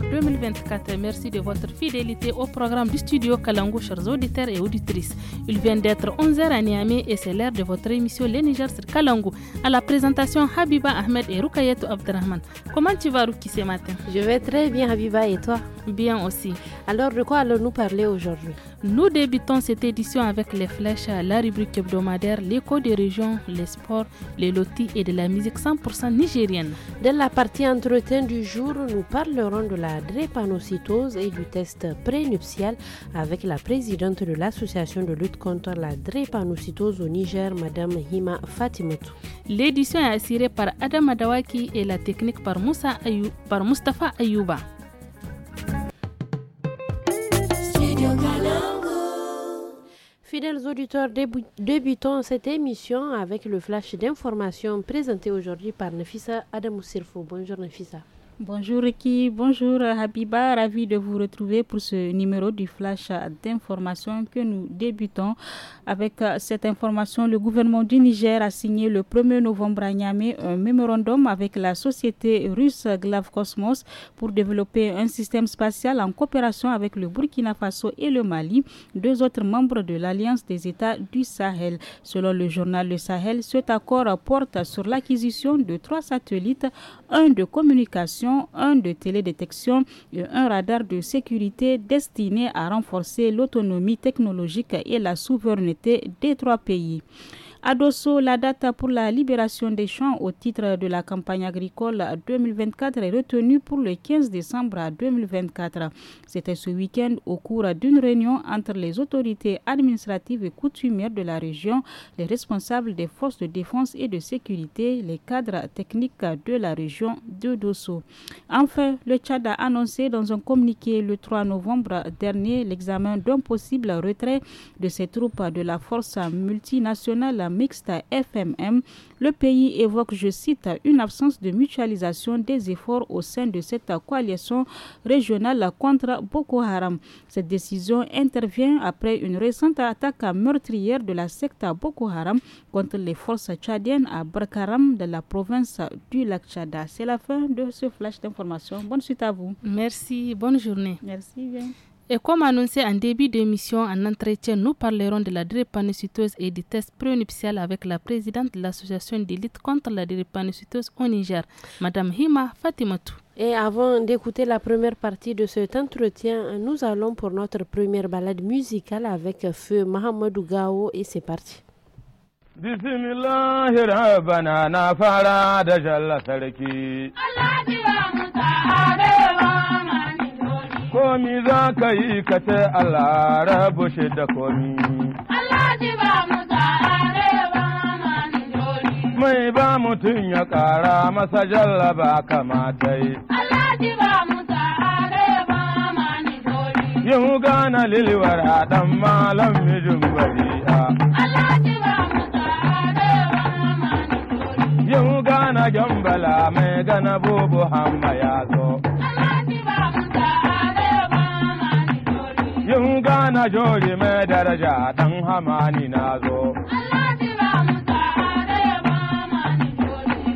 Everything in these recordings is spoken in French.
2024. Merci de votre fidélité au programme du studio Kalangou, chers auditeurs et auditrices. Il vient d'être 11h à Niamey et c'est l'heure de votre émission Les Niger sur Kalangou. À la présentation, Habiba Ahmed et Rukayetou Abderrahman. Comment tu vas, Ruki, ce matin Je vais très bien, Habiba, et toi Bien aussi. Alors, de quoi allons-nous parler aujourd'hui Nous débutons cette édition avec les flèches, la rubrique hebdomadaire, l'écho des régions, les sports, les lotis et de la musique 100% nigérienne. Dans la partie entretien du jour, nous parlerons de la drépanocytose et du test prénuptial avec la présidente de l'association de lutte contre la drépanocytose au Niger, Madame Hima Fatimoto. L'édition est assurée par Adam Adawaki et la technique par, Moussa par Ayouba. Fidèles auditeurs, débutons cette émission avec le flash d'information présenté aujourd'hui par Nefissa Adam Bonjour Nefissa. Bonjour Ricky, bonjour Habiba, ravi de vous retrouver pour ce numéro du flash d'information que nous débutons. Avec euh, cette information, le gouvernement du Niger a signé le 1er novembre à Niamey un mémorandum avec la société russe Glav Cosmos pour développer un système spatial en coopération avec le Burkina Faso et le Mali, deux autres membres de l'Alliance des États du Sahel. Selon le journal Le Sahel, cet accord porte sur l'acquisition de trois satellites, un de communication un de télédétection et un radar de sécurité destiné à renforcer l'autonomie technologique et la souveraineté des trois pays. Adosso, la date pour la libération des champs au titre de la campagne agricole 2024 est retenue pour le 15 décembre 2024. C'était ce week-end au cours d'une réunion entre les autorités administratives et coutumières de la région, les responsables des forces de défense et de sécurité, les cadres techniques de la région de Dosso. Enfin, le Tchad a annoncé dans un communiqué le 3 novembre dernier l'examen d'un possible retrait de ses troupes de la force multinationale mixte FMM, le pays évoque, je cite, une absence de mutualisation des efforts au sein de cette coalition régionale contre Boko Haram. Cette décision intervient après une récente attaque meurtrière de la secte Boko Haram contre les forces tchadiennes à Barkaram de la province du lac Tchada. C'est la fin de ce flash d'information. Bonne suite à vous. Merci, bonne journée. Merci et comme annoncé en début d'émission, en entretien, nous parlerons de la drépanocytose et des tests prénuptiales avec la présidente de l'association d'élite contre la drépanocytose au Niger, Madame Hima Fatimatou. Et avant d'écouter la première partie de cet entretien, nous allons pour notre première balade musicale avec Feu Mahamadou Gao et c'est parti. na fara komi za ka yi ka ce alara bushe da komi. Allah ji ba mu tsare ba ni jori. Mai ba mutum ya ƙara masa jallaba kamata yi. Allah ji ba mu tsare ba ni jori. Yau gana lilwar haɗan malam mijin bari'a. Allah ji ba mu tsare ba mani jori. Yau gana gyambala mai gana bubu hamma ya zo. joji mai daraja dan hamani na zo.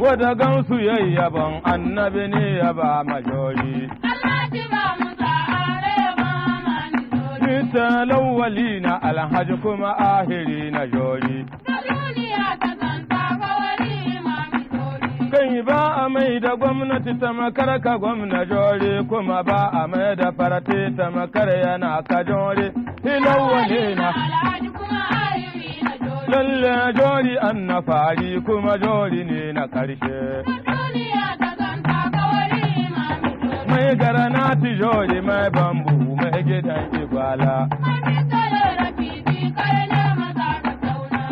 Wata gamsu yayyaban annabi ne ya ba majori. Mita lawali na alhaji kuma ahiri na jori. Duniya zan yi ba a mai da gwamnati ta makar ka gwamna jore kuma ba a mai da farati ta makar yana ka jore ilawane na lalle jori an na fari kuma jori ne na karshe mai gara na jori mai bambu mai gidan igwala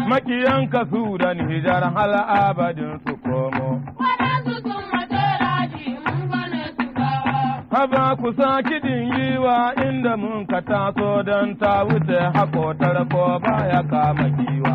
makiyanka su da nijar hala abadin su komo haba ku saki dingiwa inda mun ka taso don ta wuce hako tarko baya kama giwa.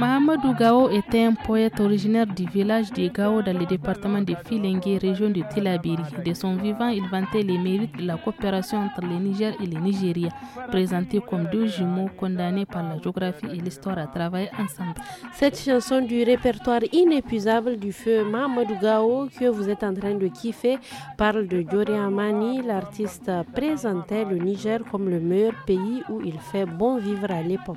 Mahamadou Gao était un poète originaire du village de Gao dans le département de Filengue, région de Tilabiri. De son vivant, il vantait les mérites de la coopération entre le Niger et le Nigeria, présentés comme deux jumeaux condamnés par la géographie et l'histoire à travailler ensemble. Cette chanson du répertoire inépuisable du feu Mahamadou Gao que vous êtes en train de kiffer parle de Diori Amani. L'artiste présentait le Niger comme le meilleur pays où il fait bon vivre à l'époque.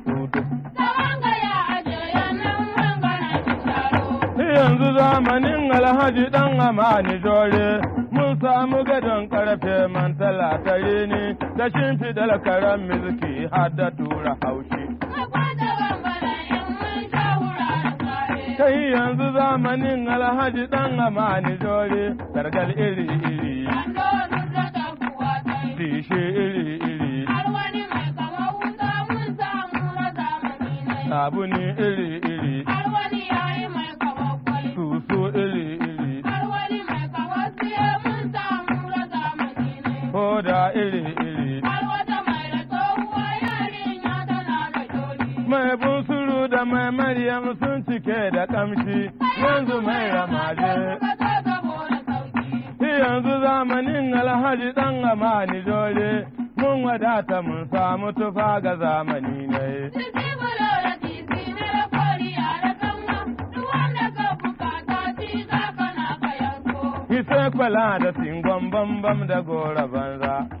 yanzu zamanin alhaji dan amani jore mun samu gadon karfe man talatare ne da shimfidar karen miziki har da tura haushi. Kai yanzu zamanin alhaji dan amani jore gargal iri iri. Dishe iri iri. Sabuni iri iri. da mai Maryam sun cike da kamshi yanzu mai ramaje. Yanzu zamanin alhaji ɗan amani dole mun wadata mun samu tufa ga zamani ne. Sai kwala da singon bambam da gora banza.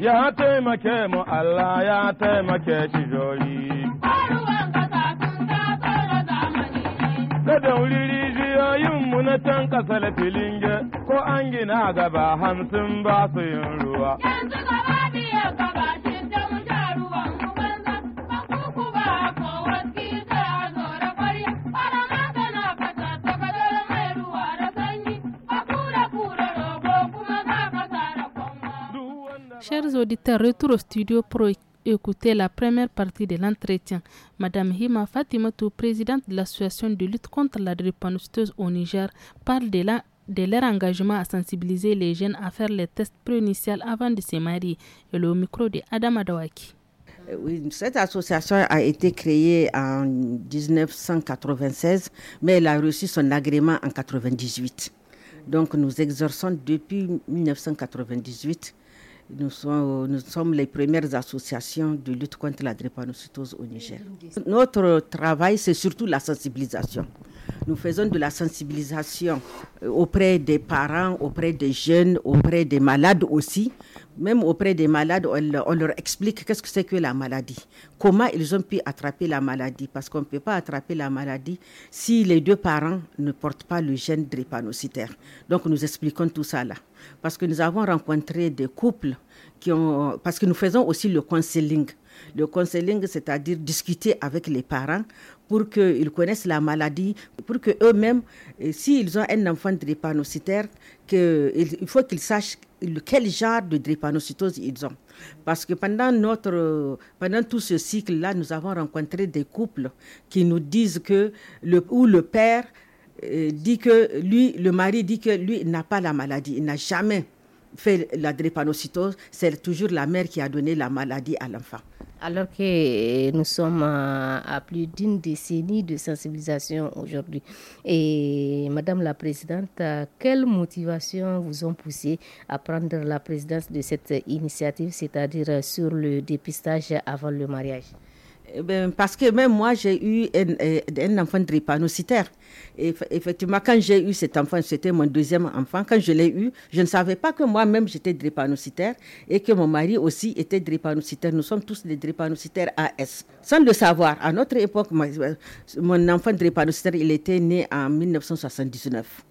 ya taimake mu Allah ya taimake joyi. Kada wuri rijiyoyin mu na can kasar filinge ko an gina gaba hamsin ba su yin ruwa. Yanzu gaba Chers auditeurs, retour au studio pour écouter la première partie de l'entretien. Madame Hima Fatimatou, présidente de l'association de lutte contre la drépanocytose au Niger, parle de la leur engagement à sensibiliser les jeunes à faire les tests pré-initiales avant de se marier. Et le micro de Adam Adawaki. Euh, cette association a été créée en 1996, mais elle a reçu son agrément en 1998. Donc nous exerçons depuis 1998 nous, nous, sommes les premières associations de lutte contre la drépanocytose au Niger. Notre travail, c'est surtout la sensibilisation. Nous faisons de la sensibilisation euh, auprès des parents, auprès des jeunes, auprès des malades aussi, même auprès des malades, on, leur explique qu'est-ce que c'est que la maladie, comment ils ont pu attraper la maladie, parce qu'on ne peut pas attraper la maladie si les deux parents ne portent pas le gène drépanocytaire. Donc nous expliquons tout ça là, parce que nous avons rencontré des couples qui ont, parce que nous faisons aussi le counseling. Le counseling, c'est-à-dire discuter avec les parents pour qu'ils connaissent la maladie, pour qu'eux-mêmes, s'ils ont un enfant drépanocytaire, que, il faut qu'ils sachent quel genre de drépanocytose ils ont. Parce que pendant, notre, pendant tout ce cycle-là, nous avons rencontré des couples qui nous disent que, le, le père euh, dit que lui, le mari dit que lui n'a pas la maladie, il n'a jamais fait la drépanocytose, c'est toujours la mère qui a donné la maladie à l'enfant. Alors que euh, nous sommes à plus d'une décennie de sensibilisation aujourd'hui. Et Madame la Présidente, euh, quelles motivations vous ont poussé à prendre la présidence de cette initiative, c'est-à-dire euh, sur le dépistage avant le mariage eh ben, parce que même moi, j'ai eu un, euh, enfant drépanocytaire. Et effectivement, quand j'ai eu cet enfant, c'était mon deuxième enfant, quand je l'ai eu, je ne savais pas que moi-même j'étais drépanocytaire et que mon mari aussi était drépanocytaire. Nous sommes tous des drépanocytaires AS. Sans le savoir, à notre époque, euh, mon enfant drépanocytaire, il était né en 1979.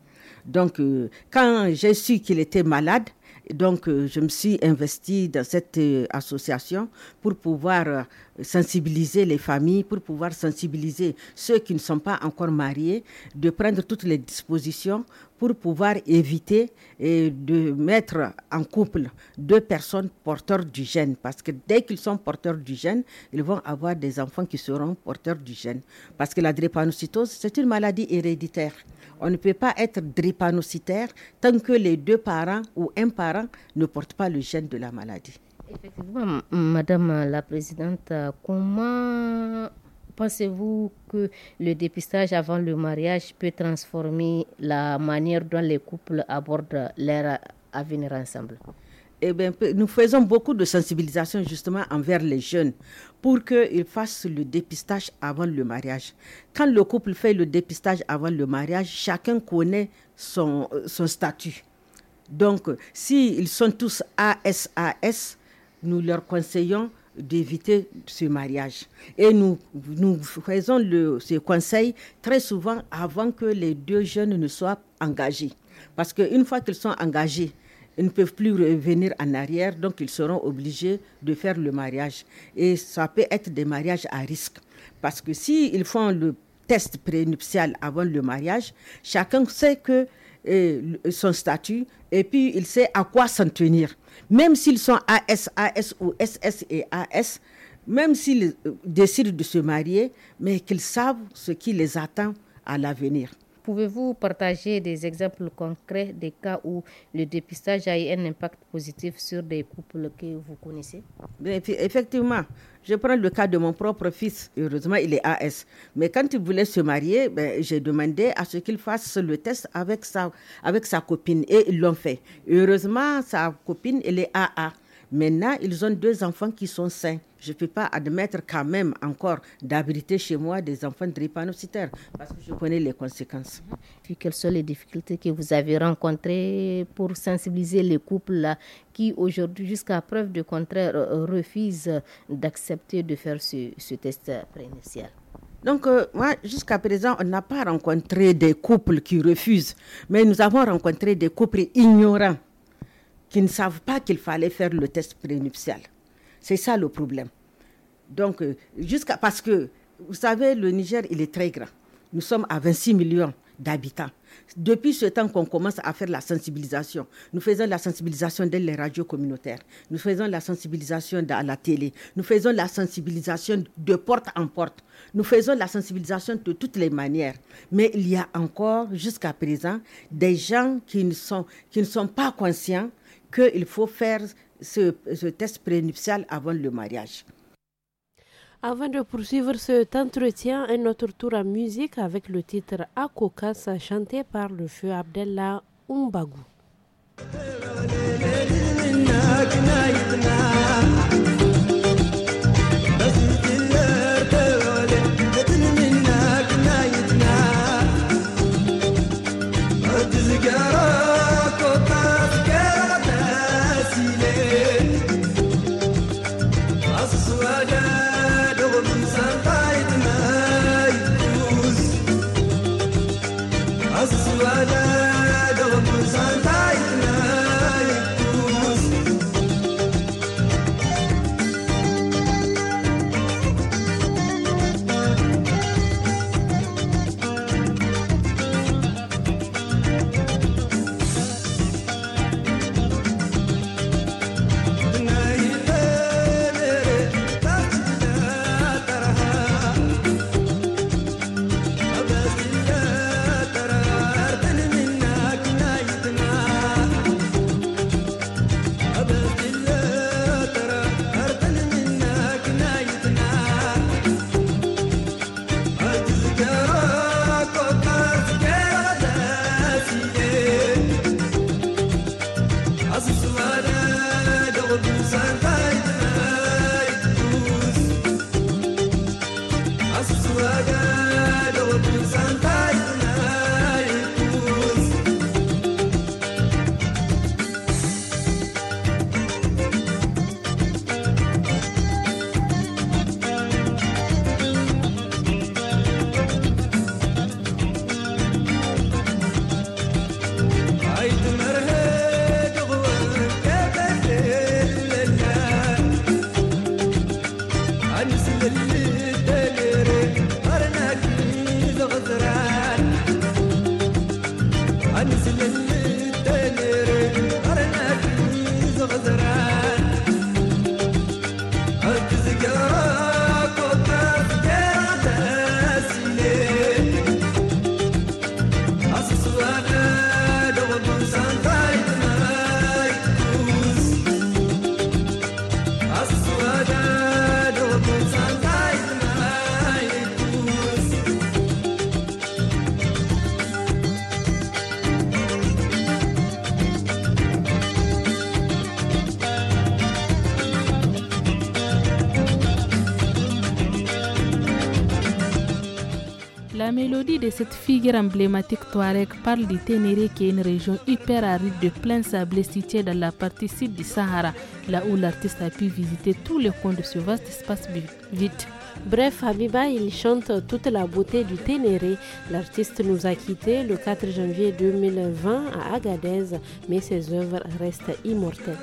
Donc, euh, quand j'ai su qu'il était malade, donc je me suis investie dans cette association pour pouvoir sensibiliser les familles, pour pouvoir sensibiliser ceux qui ne sont pas encore mariés, de prendre toutes les dispositions pour pouvoir éviter et de mettre en couple deux personnes porteurs du gène. Parce que dès qu'ils sont porteurs du gène, ils vont avoir des enfants qui seront porteurs du gène. Parce que la drépanocytose, c'est une maladie héréditaire. On ne peut pas être drépanocytaire tant que les deux parents ou un parent ne porte pas le gène de la maladie. Effectivement, madame la présidente, comment pensez-vous que le dépistage avant le mariage peut transformer la manière dont les couples abordent leur avenir ensemble eh bien, nous faisons beaucoup de sensibilisation justement envers les jeunes pour qu'ils fassent le dépistage avant le mariage. Quand le couple fait le dépistage avant le mariage, chacun connaît son, son statut. Donc, s'ils sont tous ASAS, nous leur conseillons d'éviter ce mariage. Et nous, nous faisons ce conseil très souvent avant que les deux jeunes ne soient engagés. Parce qu'une fois qu'ils sont engagés, ils ne peuvent plus revenir en arrière, donc ils seront obligés de faire le mariage. Et ça peut être des mariages à risque. Parce que s'ils font le test prénuptial avant le mariage, chacun sait que son statut et puis il sait à quoi s'en tenir. Même s'ils sont AS, AS ou SS et AS, même s'ils euh, décident de se marier, mais qu'ils savent ce qui les attend à l'avenir. Pouvez-vous partager des exemples concrets des cas où le dépistage a eu un impact positif sur des couples que vous connaissez Effectivement, je prends le cas de mon propre fils. Heureusement, il est AS. Mais quand il voulait se marier, ben, j'ai demandé à ce qu'il fasse le test avec sa, avec sa copine et ils l'ont fait. Heureusement, sa copine, elle est AA. Maintenant, ils ont deux enfants qui sont sains. Je ne peux pas admettre quand même encore d'habiter chez moi des enfants drépanocytaires parce que je connais les conséquences. Mhm. quelles sont les difficultés que vous avez rencontrées pour sensibiliser les couples qui aujourd'hui, jusqu'à preuve de contraire, euh, refusent d'accepter de faire ce, test préinitial donc, euh, moi, jusqu'à présent, on n'a pas rencontré des couples qui refusent, mais nous avons rencontré des couples ignorants qui ne savent pas qu'il fallait faire le test prénuptial. C'est ça le problème. Donc, euh, jusqu'à parce que, vous savez, le Niger, il est très grand. Nous sommes à 26 millions d'habitants. Depuis ce temps qu'on commence à faire la sensibilisation, nous faisons la sensibilisation dans les radios communautaires, nous faisons la sensibilisation dans la télé, nous faisons la sensibilisation de porte en porte, nous faisons la sensibilisation de toutes les manières. Mais il y a encore, jusqu'à présent, des gens qui ne sont, qui ne sont pas conscients qu'il faut faire ce, test prénuptial avant le mariage. Avant de poursuivre cet entretien, un autre tour à musique avec le titre Akokas chanté par le feu Abdellah Umbagou. de cette figure emblématique Touareg parle du Ténéré qui est une région hyper aride de plein sablé située dans la partie sud du Sahara, là où l'artiste a pu visiter tous les coins de ce vaste espace vide. Bref, Habiba, il chante toute la beauté du Ténéré. L'artiste nous a quitté le 4 janvier 2020 à Agadez, mais ses œuvres restent immortelles.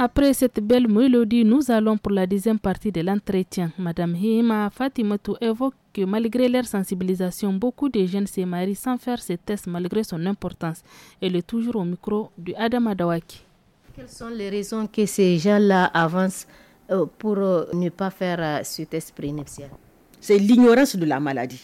Après cette belle mélodie, nous allons pour la deuxième partie de l'entretien. Madame Hima fatimato évoque que malgré leur sensibilisation, beaucoup de jeunes se marient sans faire ces tests malgré son importance. Elle est toujours au micro du Adam Adawaki. Quelles sont les raisons que ces gens-là avancent euh, pour euh, ne pas faire euh, cet esprit nuptial C'est l'ignorance de la maladie.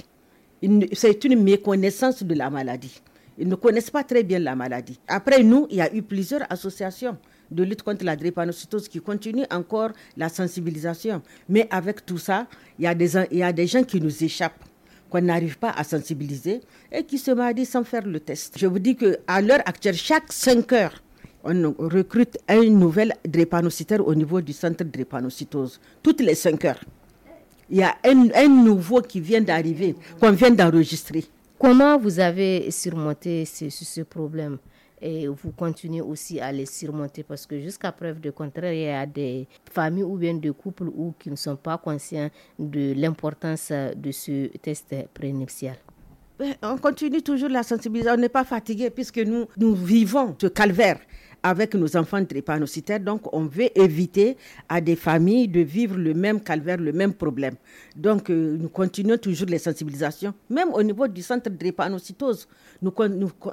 C'est une méconnaissance de la maladie. Ils ne connaissent pas très bien la maladie. Après nous, il y a eu plusieurs associations de lutte contre la drépanocytose qui continuent encore la sensibilisation. Mais avec tout ça, il y a des, il y a des gens qui nous échappent, qu'on n'arrive pas à sensibiliser et qui se marient sans faire le test. Je vous dis qu'à l'heure actuelle, chaque 5 heures, on recrute un nouvel drépanocytaire au niveau du centre drépanocytose, toutes les 5 heures. Il y a un, nouveau qui vient d'arriver, qu'on vient d'enregistrer. Comment vous avez surmonté ce, problème et vous continuez aussi à les surmonter parce que jusqu'à preuve de contraire, il y a des familles ou bien des couples ou qui ne sont pas conscients de l'importance de ce test prénuptial. Ben, on continue toujours la sensibilisation, on n'est pas fatigué puisque nous, nous vivons ce calvaire avec nos enfants drépanocytaires, Donc, on veut éviter à des familles de vivre le même calvaire, le même problème. Donc, euh, nous continuons toujours les sensibilisations, même au niveau du centre drépanocytose. Nous,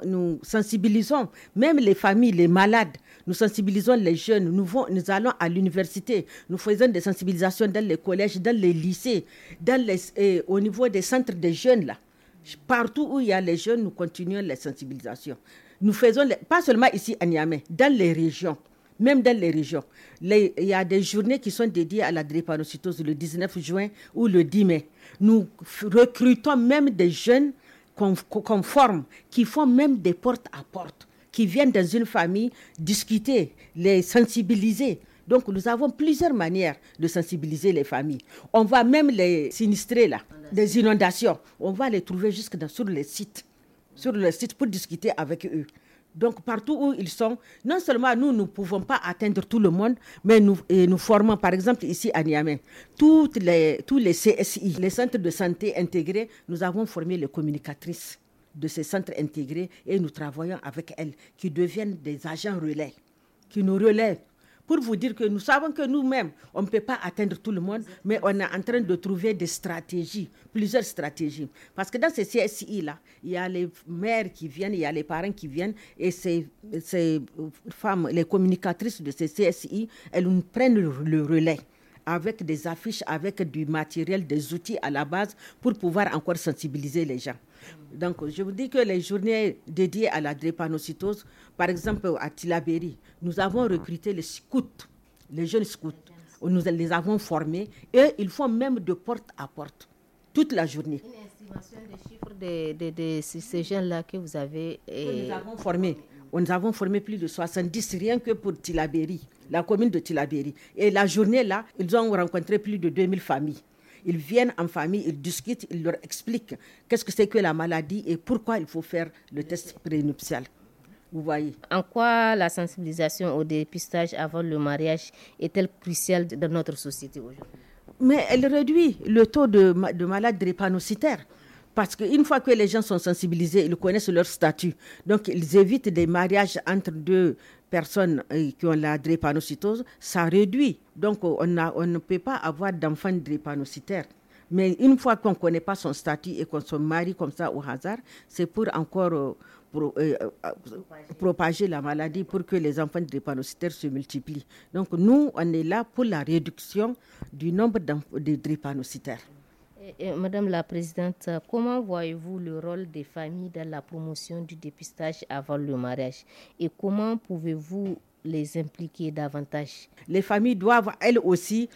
nous, sensibilisons même les familles, les malades. Nous sensibilisons les jeunes. Nous, nous allons à l'université. Nous faisons des sensibilisations dans les collèges, dans les lycées, dans les, au niveau des centres des jeunes. là. Partout où il y a les jeunes, nous continuons les sensibilisations. Nous faisons, pas seulement ici à Niamey, dans les régions, même dans les régions. il y a des journées qui sont dédiées à la drépanocytose le 19 juin ou le 10 mai. Nous recrutons même des jeunes conformes qui font même des portes à porte, qui viennent dans une famille discuter, les sensibiliser donc nous avons plusieurs manières de sensibiliser les familles. On va même les sinistrer là, des inondations, on va les trouver jusque dans, sur les sites, sur le site pour discuter avec eux. Donc partout où ils sont, non seulement nous, nous ne pouvons pas atteindre tout le monde, mais nous, nous formons, par exemple ici à Niamey, toutes les, tous les CSI, les centres de santé intégrés, nous avons formé les communicatrices de ces centres intégrés et nous travaillons avec elles, qui deviennent des agents relais, qui nous relaient pour vous dire que nous savons que nous-mêmes, on ne peut pas atteindre tout le monde, mais on est en train de trouver des stratégies, plusieurs stratégies. Parce que dans ces CSI-là, il y a les mères qui viennent, il y a les parents qui viennent, et ces, femmes, les communicatrices de ces CSI, elles nous prennent le relais avec des affiches, avec du matériel, des outils à la base pour pouvoir encore sensibiliser les gens. Donc, je vous dis que les journées dédiées à la drépanocytose, par exemple à Tilaberi, nous avons recruté les scouts, les jeunes scouts. Nous les avons formés et ils font même de porte à porte toute la journée. Une estimation des chiffres de, ces jeunes là que vous avez. Que nous avons formés. Nous avons formé plus de 70 rien que pour Tilaberi, la commune de Tilaberi. Et la journée là, ils ont rencontré plus de 2000 familles. Ils viennent en famille, ils discutent, ils leur expliquent qu'est-ce que c'est que la maladie et pourquoi il faut faire le test prénuptial. Vous voyez. En quoi la sensibilisation au dépistage avant le mariage est-elle cruciale dans notre société aujourd'hui Mais elle réduit le taux de, de malades drépanocytaires. Parce qu'une fois que les gens sont sensibilisés, ils connaissent leur statut. Donc, ils évitent des mariages entre deux personnes euh, qui ont la drépanocytose. Ça réduit. Donc, on, ne peut pas avoir d'enfants drépanocytaires. Mais une fois qu'on ne connaît pas son statut et qu'on se marie comme ça au hasard, c'est pour encore euh, pour, propager. Euh, propager. la maladie pour que les enfants drépanocytaires se multiplient. Donc nous, on est là pour la réduction du nombre de drépanocytaires. Madame la Présidente, comment voyez-vous le rôle des familles dans la promotion du dépistage avant le mariage et comment pouvez-vous les impliquer davantage Les familles doivent elles aussi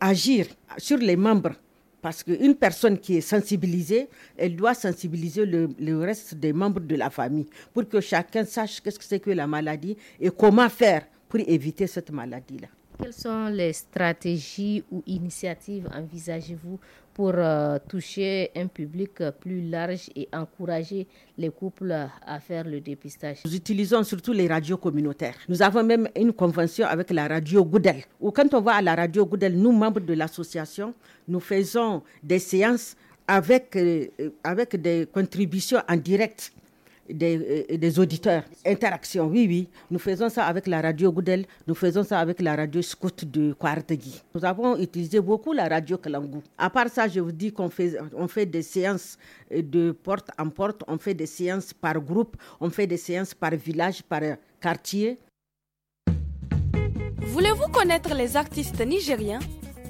agir sur les membres parce qu'une personne qui est sensibilisée, elle doit sensibiliser le, reste des membres de la famille pour que chacun sache qu'est-ce que c'est que la maladie et comment faire pour éviter cette maladie-là. Quelles sont les stratégies ou initiatives envisagez-vous pour euh, toucher un public plus large et encourager les couples à faire le dépistage. Nous utilisons surtout les radios communautaires. Nous avons même une convention avec la radio Goudel. Ou quand on va à la radio Goudel, nous, membres de l'association, nous faisons des séances avec, euh, avec des contributions en direct des, euh, des, auditeurs. Interaction, oui, oui. Nous faisons ça avec la radio Goudel, nous faisons ça avec la radio Scout de Kouartegui. Nous avons utilisé beaucoup la radio Kalangou. À part ça, je vous dis qu'on fait, on fait des séances euh, de porte en porte, on fait des séances par groupe, on fait des séances par village, par quartier. Voulez-vous connaître les artistes nigériens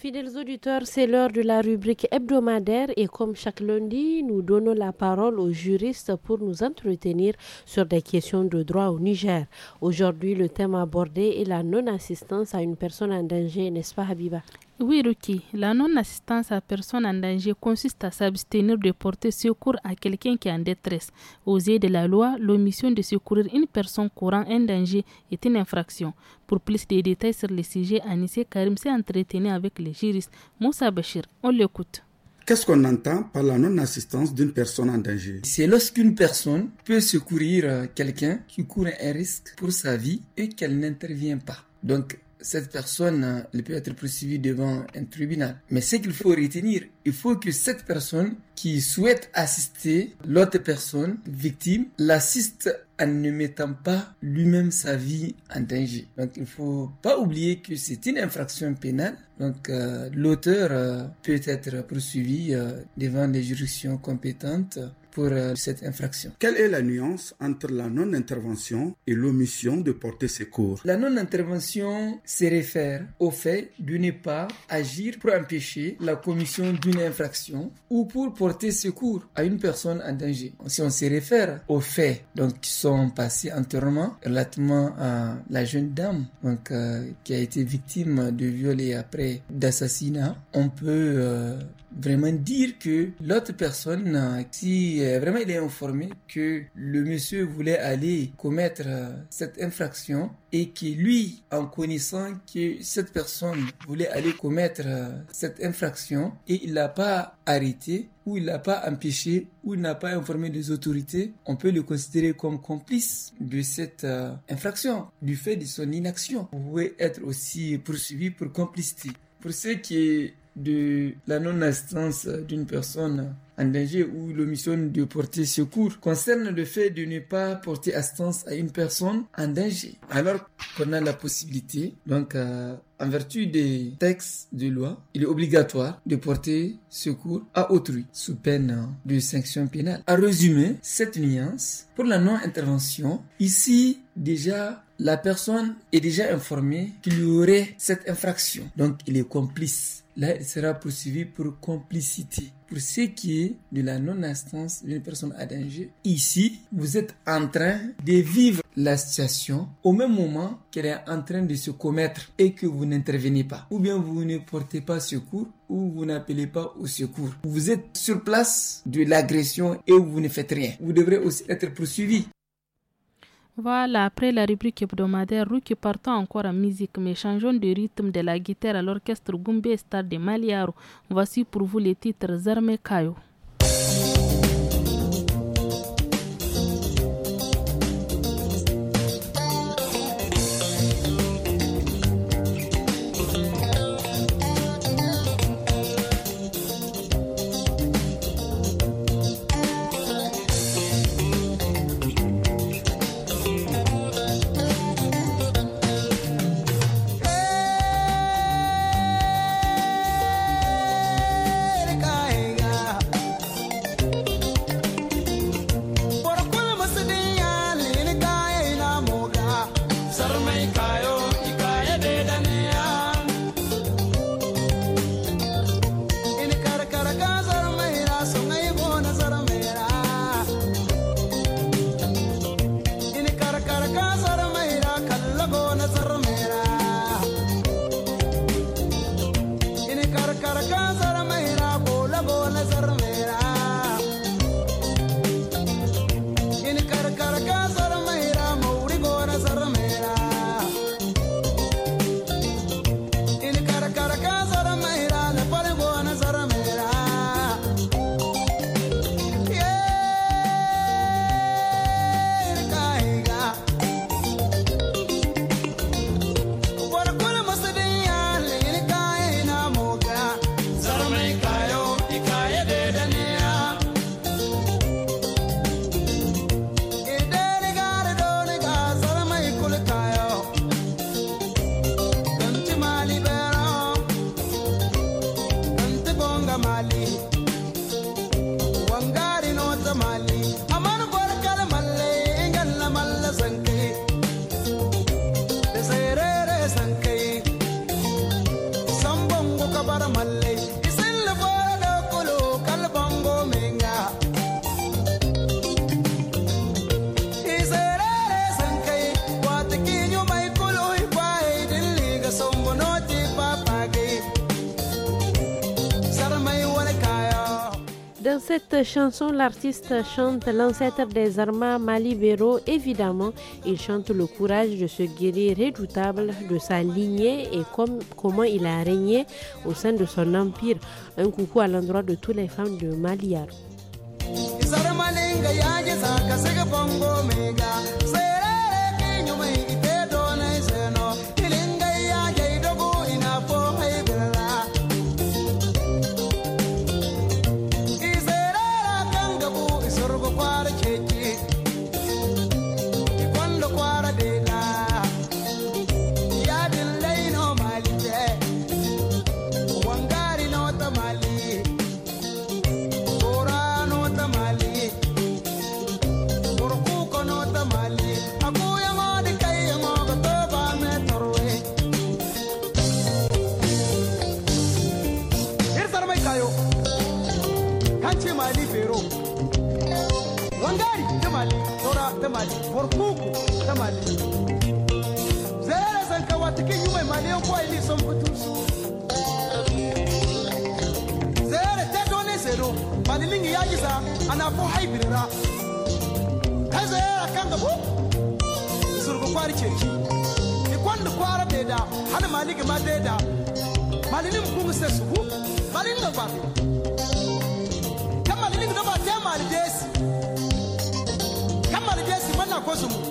Fidèles auditeurs, c'est l'heure de la rubrique hebdomadaire et comme chaque lundi, nous donnons la parole aux juristes pour nous entretenir sur des questions de droit au Niger. Aujourd'hui, le thème abordé est la non-assistance à une personne en danger, n'est-ce pas Habiba oui, Ruki, la non-assistance à personne en danger consiste à s'abstenir de porter secours à quelqu'un qui est en détresse. Aux yeux de la loi, l'omission de secourir une personne courant un danger est une infraction. Pour plus de détails sur le sujet, Anissé Karim s'est entretenu avec le juriste Moussa Bachir. On l'écoute. Qu'est-ce qu'on entend par la non-assistance d'une personne en danger C'est lorsqu'une personne peut secourir euh, quelqu'un qui court un risque pour sa vie et qu'elle n'intervient pas. Donc, cette personne euh, peut être poursuivie devant un tribunal. Mais ce qu'il faut retenir, il faut que cette personne qui souhaite assister l'autre personne victime l'assiste en ne mettant pas lui-même sa vie en danger. Donc il ne faut pas oublier que c'est une infraction pénale. Donc euh, l'auteur euh, peut être poursuivi devant les juridictions compétentes pour euh, cette infraction. Quelle est la nuance entre la non-intervention et l'omission de porter secours La non-intervention se réfère au fait de ne pas agir pour empêcher la commission d'une infraction ou pour porter secours à une personne en danger. Si on se réfère aux faits donc, qui sont passés entièrement relativement à la jeune dame donc, euh, qui a été victime de viol et après d'assassinat, on peut... Euh, vraiment dire que l'autre personne, si euh, vraiment il est informé que le monsieur voulait aller commettre euh, cette infraction et que lui, en connaissant que cette personne voulait aller commettre euh, cette infraction et il l'a pas arrêté ou il l'a pas empêché ou il n'a pas informé les autorités, on peut le considérer comme complice de cette infraction, du fait de son inaction. Vous pouvez être aussi poursuivi pour complicité. Pour ceux qui de la non-assistance d'une personne en danger ou l'omission de porter secours concerne le fait de ne pas porter assistance à une personne en danger. Alors qu'on a la possibilité, donc euh, en vertu des textes de loi, il est obligatoire de porter secours à autrui sous peine de sanction pénale. À résumer cette nuance, pour la non-intervention, ici déjà la personne est déjà informée qu'il y aurait cette infraction, donc il est complice là, il sera poursuivi pour complicité. Pour ce qui est de la non instance d'une personne à danger, ici, vous êtes en train de vivre la situation au même moment qu'elle est en train de se commettre et que vous n'intervenez pas. Ou bien vous ne portez pas secours ou vous n'appelez pas au secours. Vous êtes sur place de l'agression et vous ne faites rien. Vous devrez aussi être poursuivi. Voilà, après la rubrique hebdomadaire Ruki partons encore en musique, mais changeons de rythme de la guitare à l'orchestre Gumbé Star de Maliaro. Voici pour vous les titres Armé Kayo. Dans cette chanson, l'artiste chante l'ancêtre des armes malibéraux. Évidemment, il chante le courage de ce guerrier redoutable, de sa lignée et comment il a régné au sein de son empire. Un coucou à l'endroit de toutes les femmes de Maliar. kurkuku ta maliya zai zan kawa cikin yi mai maliyan kwa ili sun fito su zai ta dole sero malilin ya gisa ana fo haibirira ta zai kan gabo surgu kwari ceki ikon kwara da hana maligi ma da da malilin kuma sai su ku malilin da ba ta malilin da ba ta akɔ so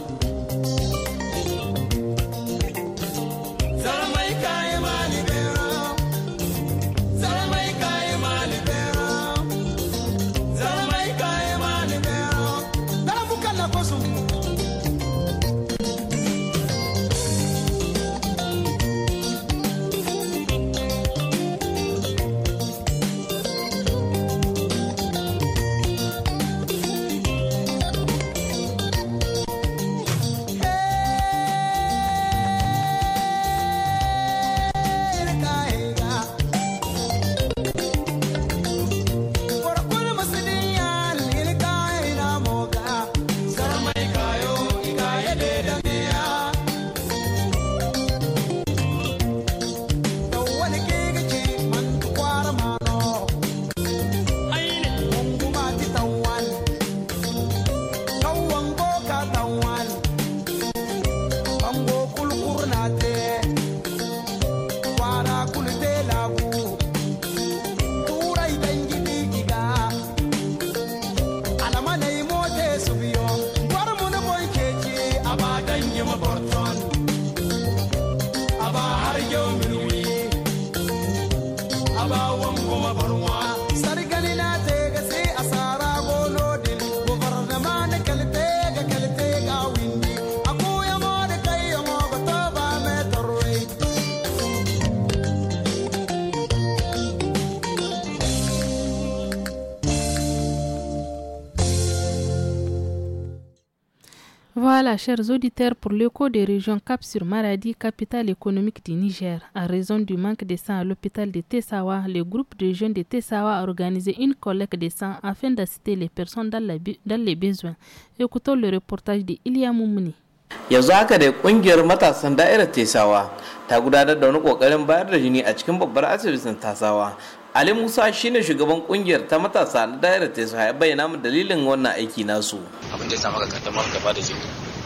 Voilà, chers auditeurs, pour l'écho des régions Cap sur Maradi, capitale économique du Niger, En raison du manque de sang à l'hôpital de Tessawa, le groupe de jeunes de Tessawa a organisé une collecte de sang afin d'assister les personnes dans, la, dans, les besoins. Écoutons le reportage de Ilia Moumouni. yanzu haka da kungiyar matasan da'irar tesawa ta gudanar da wani kokarin bayar da jini a cikin babbar asibitin tasawa ali musa shine shugaban kungiyar ta matasa na da'irar tesawa ya bayyana mu dalilin wannan aiki nasu abin da ya samu ka kaddamar gaba da jini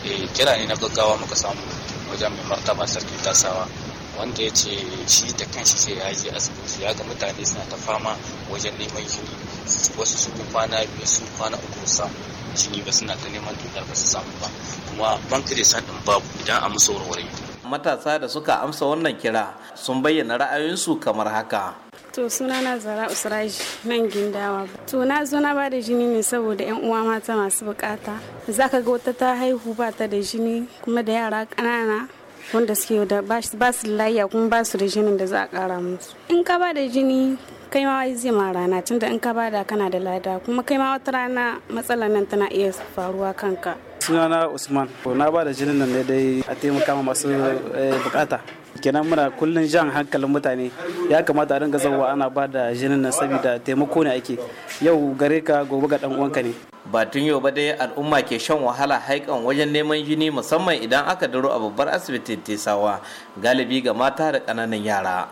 Eh, kira ne na gaggawa muka samu wajen mai martaba sarkin tasawa wanda ya ce shi da kan shi ya yi asibiti ya ga mutane suna ta fama wajen neman jini wasu su kwana biyu su kwana uku samu jini ba suna ta neman duniya ba su samu ba kuma pancreas din babu idan a musu warware matasa da suka amsa wannan kira sun bayyana ra'ayoyinsu kamar haka To sunana Zara Usraji nan gindawa. To na zo na ba da jini ne saboda yan uwa mata masu bukata. Za ka ga wata ta haihu ba ta da jini kuma da yara kanana wanda suke da ba su layya kuma ba su da jinin da za a ƙara musu. In ka ba da jini kai ma zai ma rana tunda in ka ba bada kana da lada kuma kai ma wata rana matsalar nan tana iya faruwa kanka. Sunana Usman, na ba da jinin nan ne dai a taimaka masu eh, bukata. kenan muna kullun jan hankalin mutane ya kamata a dinga zauwa ana ba da jinin nan saboda taimako ne ake yau gare ka gobe ga dan uwanka ne ba tun yau ba dai al'umma ke shan wahala haikan wajen neman jini musamman idan aka daro a babbar asibitin tesawa galibi ga mata da kananan yara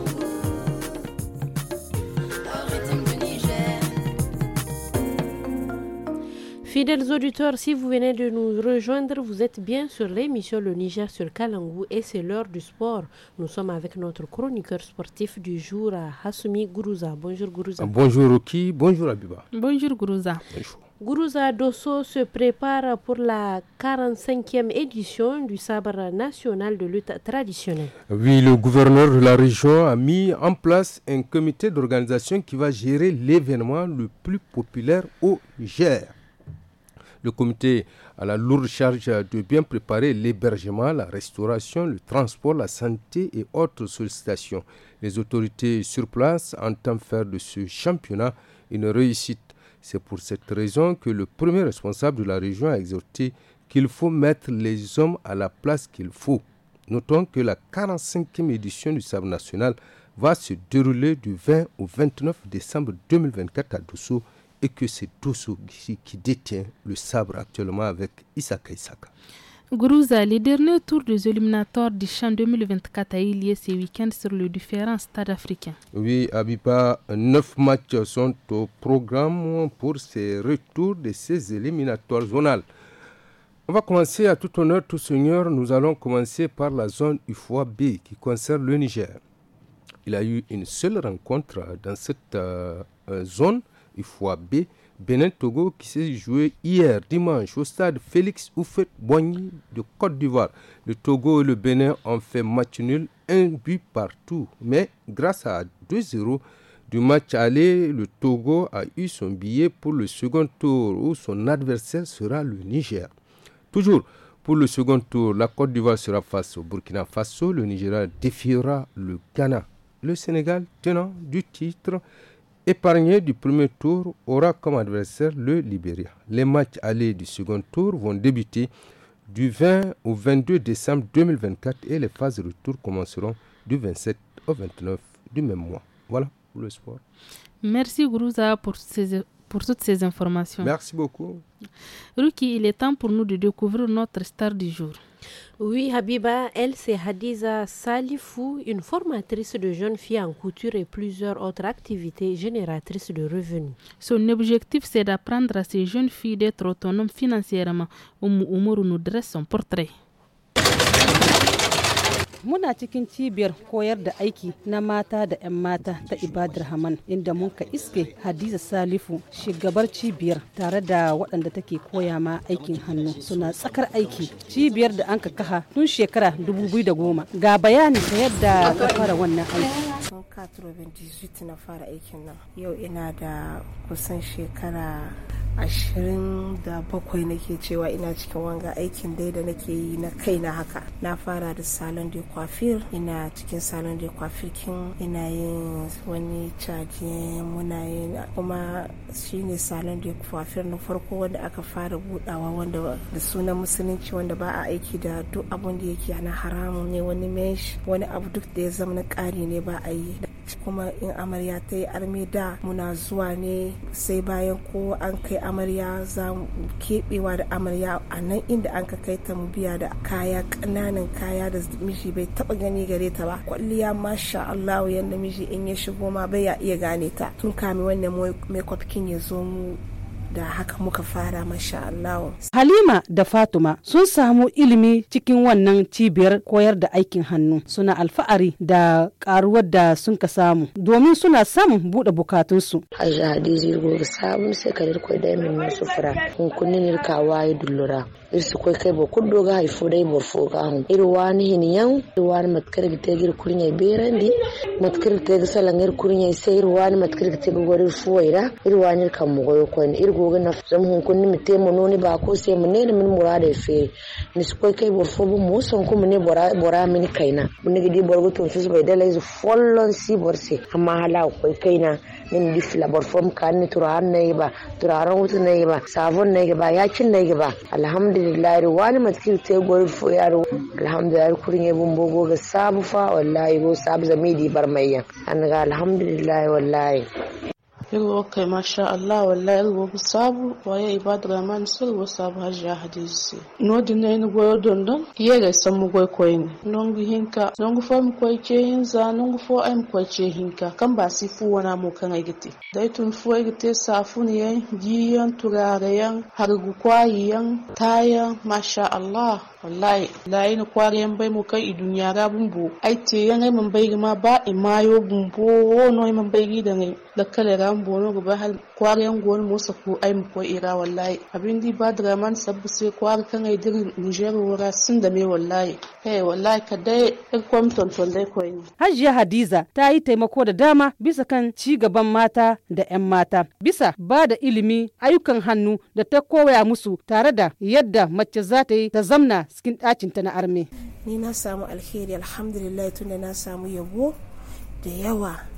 Fidèles auditeurs, si vous venez de nous rejoindre, vous êtes bien sur l'émission Le Niger sur Kalangou et c'est l'heure du sport. Nous sommes avec notre chroniqueur sportif du jour, Hassoumi Gourouza. Bonjour Gourouza. Bonjour Roki, bonjour Abiba. Bonjour Gourouza. Bonjour. Gourouza Dosso se prépare pour la 45e édition du sabre national de lutte traditionnelle. Oui, le gouverneur de la région a mis en place un comité d'organisation qui va gérer l'événement le plus populaire au Niger. Le comité a la lourde charge de bien préparer l'hébergement, la restauration, le transport, la santé et autres sollicitations. Les autorités sur place entendent faire de ce championnat une réussite. C'est pour cette raison que le premier responsable de la région a exhorté qu'il faut mettre les hommes à la place qu'il faut. Notons que la 45e édition du Sable national va se dérouler du 20 au 29 décembre 2024 à Dosso et que c'est Toussou qui, qui détient le sabre actuellement avec Isaka Isaka. Gourouza, les derniers tours des éliminatoires du champ 2024 a eu lieu week-end sur les différents stades africains. Oui, Abiba, neuf matchs sont au programme pour ces retours de ces éliminatoires zonales. On va commencer à tout honneur, tout seigneur. Nous allons commencer par la zone UFOA B qui concerne le Niger. Il a eu une seule rencontre dans cette euh, zone fois B, Bénin-Togo qui s'est joué hier dimanche au stade Félix Oufet Boigny de Côte d'Ivoire. Le Togo et le Bénin ont fait match nul, un but partout. Mais grâce à 2-0 du match aller, le Togo a eu son billet pour le second tour où son adversaire sera le Niger. Toujours pour le second tour, la Côte d'Ivoire sera face au Burkina Faso, le Nigeria défiera le Ghana. Le Sénégal tenant du titre épargné du premier tour aura comme adversaire le Libéria. Les matchs allés du second tour vont débuter du 20 au 22 décembre 2024 et les phases de retour commenceront du 27 au 29 du même mois. Voilà pour le sport. Merci Grouza pour, pour toutes ces informations. Merci beaucoup. Ruki, il est temps pour nous de découvrir notre star du jour. Oui, Habiba, elle, c'est Hadiza Salifou, une formatrice de jeunes filles en couture et plusieurs autres activités génératrices de revenus. Son objectif, c'est d'apprendre à ces jeunes filles d'être autonomes financièrement. Oumou nous dresse son portrait. muna cikin cibiyar koyar da aiki na mata da 'yan mata ta ibadar haman inda mun ka iske hadiza salifu shugabar cibiyar tare da waɗanda take koya ma aikin hannu suna tsakar aiki cibiyar da an ka kaha tun shekara 2010 ga bayani ta yadda ta fara wannan aiki na fara aikin nan yau ina da kusan shekara ashirin da bakwai nake cewa ina cikin wanga aikin dai da nake yi na kai na haka na fara da salon de kwafir ina cikin salon de kwafir kin ina yin wani caji muna yin kuma shine salon de kwafir na farko wanda aka fara budawa wanda da sunan musulunci wanda ba a aiki da duk abun da yake na haramun ne wani mesh wani abu duk da ya zama na kari ne ba a yi kuma in amarya ta yi armi da muna zuwa ne sai bayan ko an kai amarya za mu keɓewa da amarya a nan inda an ka kai ta mu biya da kaya ƙananan kaya da miji bai taɓa gani gare ta ba kwalliya masha allahu yadda miji in ya shigo ma bai ya iya gane ta tun kame wannan mai kwafkin ya zo mu da haka muka fara masha Allah. Halima da Fatuma sun samu ilimi cikin wannan cibiyar koyar da aikin hannu suna alfa'ari da karuwar da sun ka samu domin suna samun bude bukatunsu. Hajji Hadizu Gobe samun sai ka dirko da min masu fura hunkunin nirkawa ya dullura. Irsu kai kai ba kuddo ga haifo dai ba foga hun. wani ni hiniyan iri wani matkar ga tegir kurnya berandi matkar ga yi salan ir kurnya sai iri wani matkar ga tegir warin fuwaira irwa wani kan mugoyo kwan iri gogo na zama hun mu mi te ni ba ko se mun ne min da fe ni su kai kai bor fo bu mu son ko mun bora bora min kaina mun ne di borgo su bai da dalay su follon si borse amma hala koy kaina min di fila bor fo kan ni turan ne ba turaran wutu ne ba savon ne ba yakin ne ba alhamdulillah wani matkin te gor fo yaro alhamdulillah kurin ye bumbo goga sabu fa wallahi go sabu zamidi barmayya an ga alhamdulillah wallahi Yalwa kai masha Allah wallahi yalwa sabu waye ibad rahman wa sabu hajja hadisi. Nodi ne ni goyo dondon ga san mu goy koyin. Nongu hinka nongu fo mu koyi ce hinza nongu fo ai mu koyi ce hinka kan ba si fu wana mu kan igiti. Dai tun fu igiti safu ne yan giyan turare yan hargu kwayi yan tayan masha Allah wallahi yi ni kwari yan bai mu kai idun yara bumbu ai te yan ai mun bai ma ba i e mayo bumbu no ai bai gi da ni da kala ran bono go hal kwari yan gon mu sa ko ai mu ko ira wallahi abin di ba draman sabbu sai kwari kan ai dirin nijer wura sun da me wallahi eh wallahi ka dai in dai koyi hajiya hadiza ta yi taimako da dama bisa kan ci gaban mata da yan mata bisa ba da ilimi ayyukan hannu da ta koya musu tare da yadda mace za ta yi ta zamna cikin ɗakin ta na arme ni na samu alheri alhamdulillah tunda na samu yabo da yawa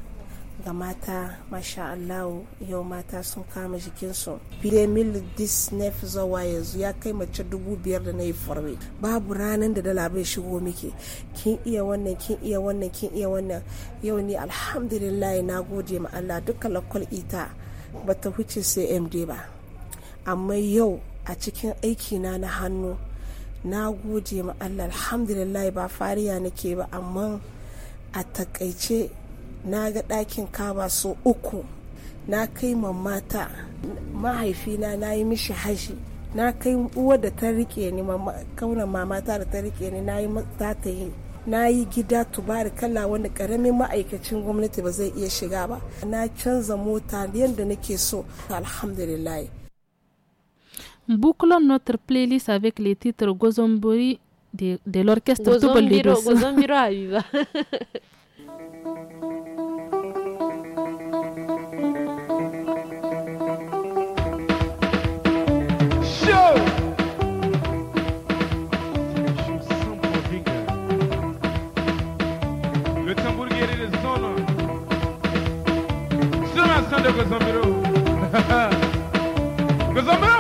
ga mata masha allahu yau mata sun kama jikinsu biye mil disnef zawa yanzu ya kai mace dubu biyar da na yi farwe babu ranar da dala bai shigo miki kin iya wannan kin iya wannan kin iya wannan yau ni alhamdulillah na gode ma allah dukkan lakwal ita bata huce sai ba amma yau a cikin aikina na hannu na gode ma allah alhamdulillah ba fariya nake ba amma a takaice na ga ɗakin kama so uku na kai mata mahaifina na yi mishi hashi na kai uwa da ta rike ni kaunar mamata da ta rike ni na yi ta yi na yi gida kala wani karamin ma'aikacin gwamnati ba zai iya shiga ba na canza mota yadda nake so alhamdulillah bouclons notre playlist avec les titres Gozombori de, de l'orchestre Touboledos. Gozombiro, Gozombiro I'm Kuzambiro.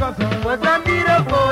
What's a miracle?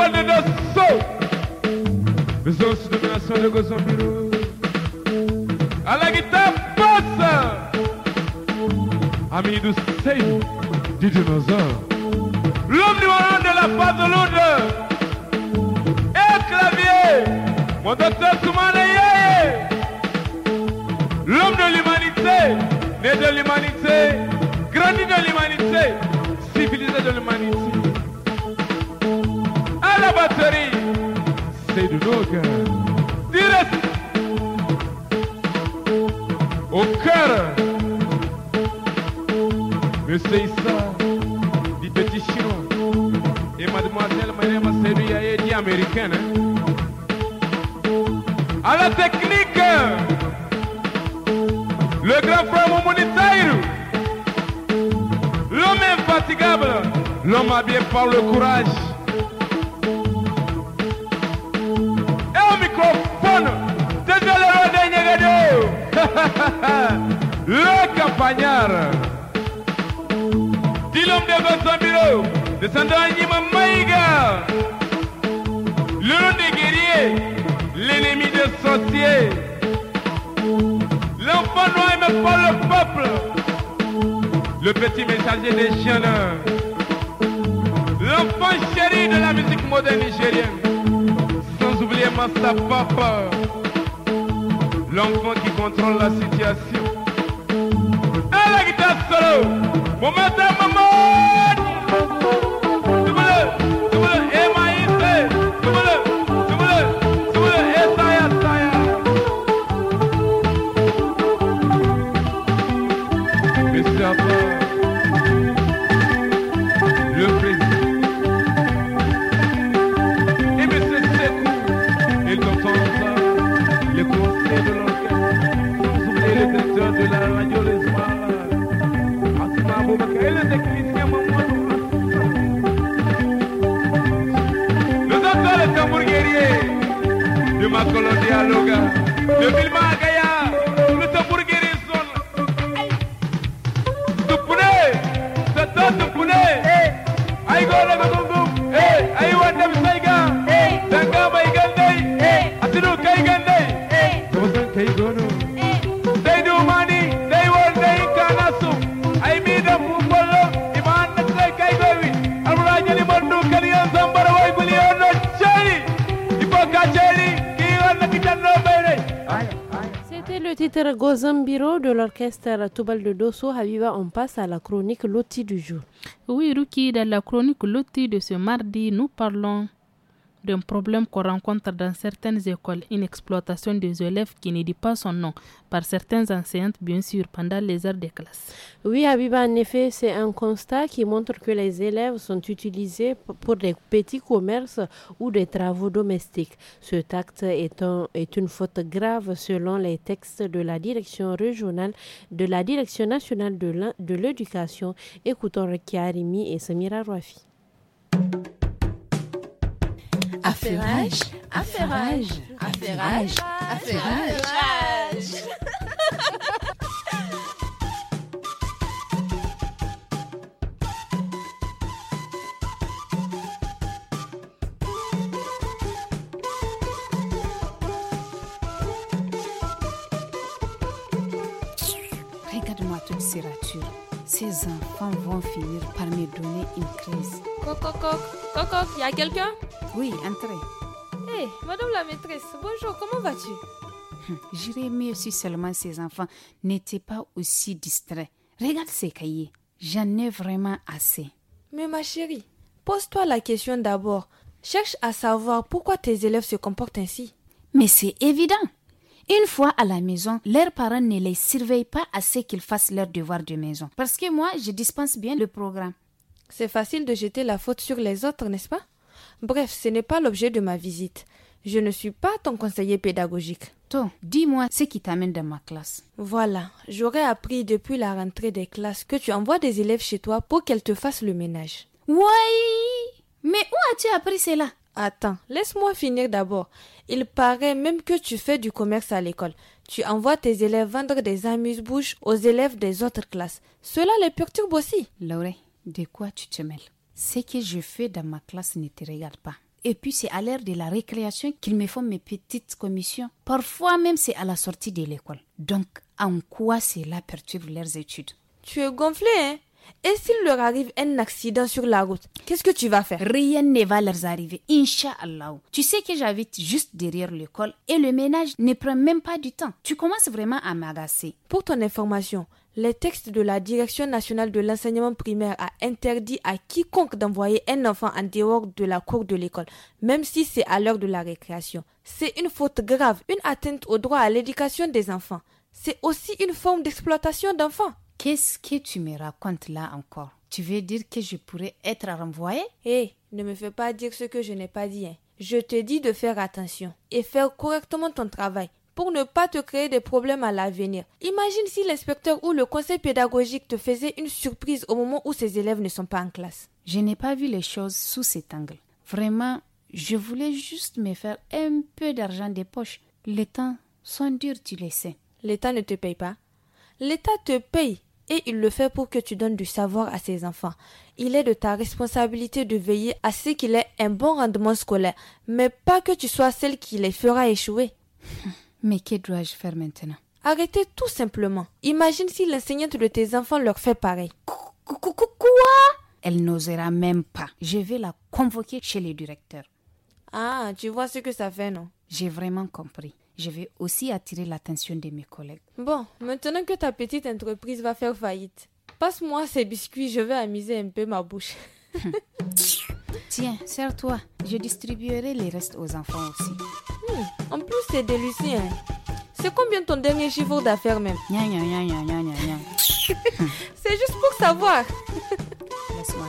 bane da the Bizim sütümüne söyle gözüm bir Ami du sei di dinosaur L'homme numéro de la face de l'autre Et clavier Mon docteur eh, eh? Soumane Yeye L'homme de l'humanité Né de l'humanité Grandi de l'humanité direct Au cœur Monsieur Issa du Petit et Mademoiselle marie Seduya et américaine. À la technique, le grand frère moniteur l'homme infatigable, l'homme bien par le courage. le campagnard. Dilom de Gossambiro, descendant Nima Maïga. Le nom des guerriers, l'ennemi des sorciers. L'enfant noir n'aime pas le peuple. Le petit messager des jeunes. L'enfant chéri de la musique moderne nigérienne. Sans oublier ma Papa l'enfant qui contrôle la situation. Allez, guitare solo, mon matin, maman. Makolo dialoga. Le film a Petite titre de l'orchestre Toubal de Dosso, Habiba, on passe à la chronique Loti du jour. Oui, Ruki, dans la chronique Loti de ce mardi, nous parlons d'un problème qu'on rencontre dans certaines écoles, une exploitation des élèves qui ne dit pas son nom, par certaines enseignantes bien sûr, pendant les heures de classe. Oui, Habiba, en effet, c'est un constat qui montre que les élèves sont utilisés pour des petits commerces ou des travaux domestiques. Ce acte est, une faute grave selon les textes de la direction régionale, de la direction nationale de l'éducation. Écoutons Rekia Arimi et Samira Rouafi affairage, affairage, affairage, affairage. Regarde-moi toutes serrature. Ces enfants vont finir par me donner une crise. Coq, coq, y a quelqu'un Oui, entrez. Hé, eh, madame la maîtresse, bonjour, comment vas-tu hum, J'irais mieux si seulement ces enfants n'étaient pas aussi distraits. Regarde ces cahiers, j'en ai vraiment assez. Mais ma chérie, pose-toi la question d'abord. Cherche à savoir pourquoi tes élèves se comportent ainsi. Mais c'est évident. Une fois à la maison, leurs parents ne les surveillent pas assez qu'ils fassent leurs devoirs de maison. Parce que moi, je dispense bien le programme. C'est facile de jeter la faute sur les autres, n'est-ce pas Bref, ce n'est pas l'objet de ma visite. Je ne suis pas ton conseiller pédagogique. Toi, dis-moi ce qui t'amène dans ma classe. Voilà, j'aurais appris depuis la rentrée des classes que tu envoies des élèves chez toi pour qu'elles te fassent le ménage. Oui Mais où as-tu appris cela Attends, laisse-moi finir d'abord. Il paraît même que tu fais du commerce à l'école. Tu envoies tes élèves vendre des amuse-bouches aux élèves des autres classes. Cela les perturbe aussi. Laure, de quoi tu te mêles Ce que je fais dans ma classe ne te regarde pas. Et puis c'est à l'heure de la récréation qu'ils me font mes petites commissions. Parfois même c'est à la sortie de l'école. Donc en quoi cela perturbe leurs études Tu es gonflé, hein et s'il leur arrive un accident sur la route, qu'est-ce que tu vas faire Rien ne va leur arriver, Inch'Allah. Tu sais que j'habite juste derrière l'école et le ménage ne prend même pas du temps. Tu commences vraiment à m'agacer. Pour ton information, les textes de la Direction nationale de l'enseignement primaire a interdit à quiconque d'envoyer un enfant en dehors de la cour de l'école, même si c'est à l'heure de la récréation. C'est une faute grave, une atteinte au droit à l'éducation des enfants. C'est aussi une forme d'exploitation d'enfants. Qu'est-ce que tu me racontes là encore Tu veux dire que je pourrais être renvoyé Hé, eh, ne me fais pas dire ce que je n'ai pas dit. Hein. Je te dis de faire attention et faire correctement ton travail pour ne pas te créer des problèmes à l'avenir. Imagine si l'inspecteur ou le conseil pédagogique te faisait une surprise au moment où ses élèves ne sont pas en classe. Je n'ai pas vu les choses sous cet angle. Vraiment, je voulais juste me faire un peu d'argent des poches. Les temps sont durs, tu le sais. L'État ne te paye pas. L'État te paye et il le fait pour que tu donnes du savoir à ses enfants. Il est de ta responsabilité de veiller à ce qu'il ait un bon rendement scolaire, mais pas que tu sois celle qui les fera échouer. Mais que dois-je faire maintenant Arrêtez tout simplement. Imagine si l'enseignante de tes enfants leur fait pareil. Quoi Elle n'osera même pas. Je vais la convoquer chez le directeur. Ah, tu vois ce que ça fait, non J'ai vraiment compris je vais aussi attirer l'attention de mes collègues. Bon, maintenant que ta petite entreprise va faire faillite, passe-moi ces biscuits, je vais amuser un peu ma bouche. Tiens, sers-toi, je distribuerai les restes aux enfants aussi. Hmm, en plus, c'est délicieux. Hein. C'est combien ton dernier chiffre d'affaires même C'est juste pour savoir. Laisse-moi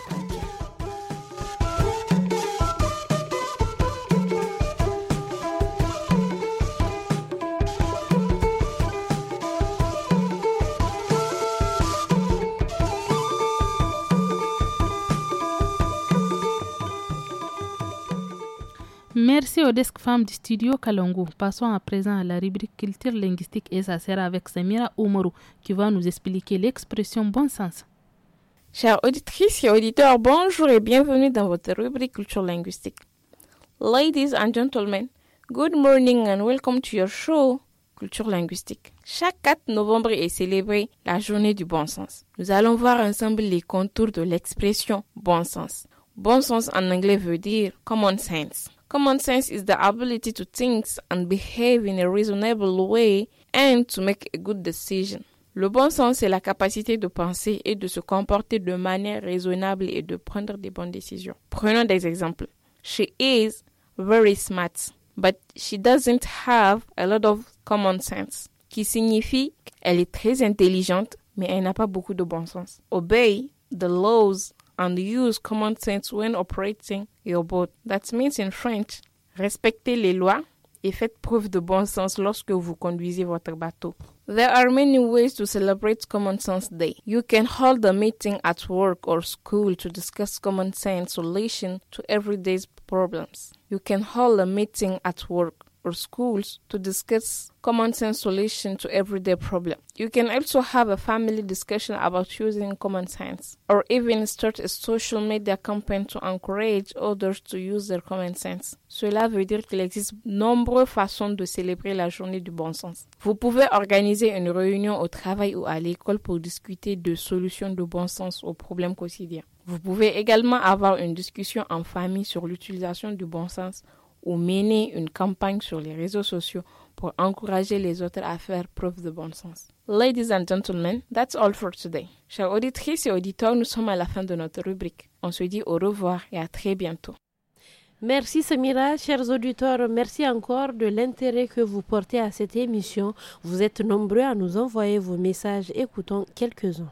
Merci aux desk femmes du studio Kalongo. Passons à présent à la rubrique culture linguistique et ça sera avec Samira Omoro qui va nous expliquer l'expression bon sens. Chères auditrices et auditeurs, bonjour et bienvenue dans votre rubrique culture linguistique. Ladies and gentlemen, good morning and welcome to your show culture linguistique. Chaque 4 novembre est célébrée la journée du bon sens. Nous allons voir ensemble les contours de l'expression bon sens. Bon sens en anglais veut dire common sense. Common sense is the ability to think and behave in a reasonable way and to make a good decision. Le bon sens est la capacité de penser et de se comporter de manière raisonnable et de prendre des bonnes décisions. Prenons des exemples. She is very smart, but she doesn't have a lot of common sense, qui signifie qu'elle est très intelligente, mais elle n'a pas beaucoup de bon sens. Obey the laws and use common sense when operating your boat. That means in French, respectez les lois et faites preuve de bon sens lorsque vous conduisez votre bateau. There are many ways to celebrate Common Sense Day. You can hold a meeting at work or school to discuss common sense solution to everyday's problems. You can hold a meeting at work or schools to discuss common sense solutions to everyday problems. You can also have a family discussion about using common sense, or even start a social media campaign to encourage others to use their common sense. Cela veut dire qu'il existe nombreuses façons de célébrer la journée du bon sens. Vous pouvez organiser une réunion au travail ou à l'école pour discuter de solutions de bon sens aux problèmes quotidiens. Vous pouvez également avoir une discussion en famille sur l'utilisation du bon sens ou mener une campagne sur les réseaux sociaux pour encourager les autres à faire preuve de bon sens. Ladies and gentlemen, that's all for today. Chers auditrices et auditeurs, nous sommes à la fin de notre rubrique. On se dit au revoir et à très bientôt. Merci Samira, chers auditeurs, merci encore de l'intérêt que vous portez à cette émission. Vous êtes nombreux à nous envoyer vos messages, écoutons quelques-uns.